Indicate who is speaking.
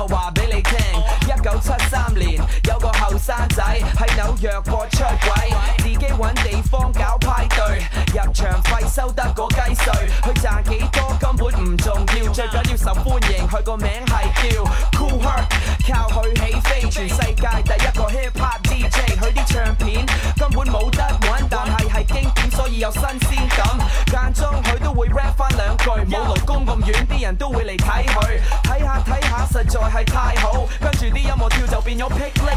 Speaker 1: 我話俾你聽，一九七三年有個後生仔喺紐約過出軌，自己揾地方搞派對，入場費收得嗰雞碎，佢賺幾多根本唔重要，最緊要受歡迎。佢個名係叫 Cool Herc，靠佢起飛全世界第一個 Hip Hop DJ，佢啲唱片根本冇得揾，但係係經典，所以有新鮮感。間中佢都會 rap 翻兩句，冇勞工咁遠，啲人都會嚟睇。係太好，跟住啲音樂跳就變咗 pick